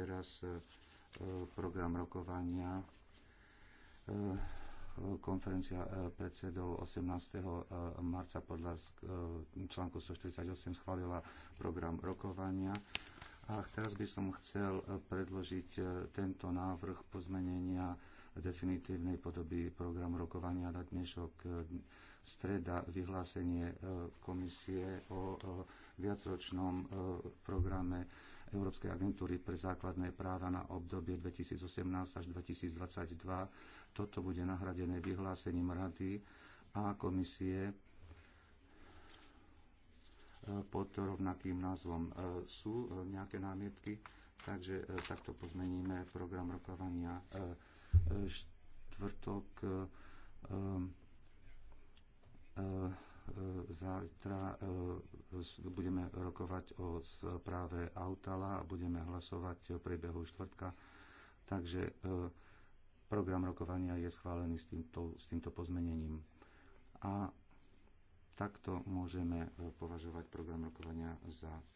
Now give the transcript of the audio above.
teraz e, program rokovania e, konferencia e, predsedov 18. marca podľa článku 148 schválila program rokovania. A teraz by som chcel predložiť tento návrh pozmenenia definitívnej podoby programu rokovania na dnešok e, streda vyhlásenie e, komisie o e, viacročnom programe Európskej agentúry pre základné práva na obdobie 2018 až 2022. Toto bude nahradené vyhlásením Rady a komisie pod rovnakým názvom. Sú nejaké námietky, takže takto pozmeníme program rokovania štvrtok eh, eh, eh, zajtra budeme rokovať o správe Autala a budeme hlasovať o priebehu štvrtka. Takže program rokovania je schválený s týmto, s týmto pozmenením. A takto môžeme považovať program rokovania za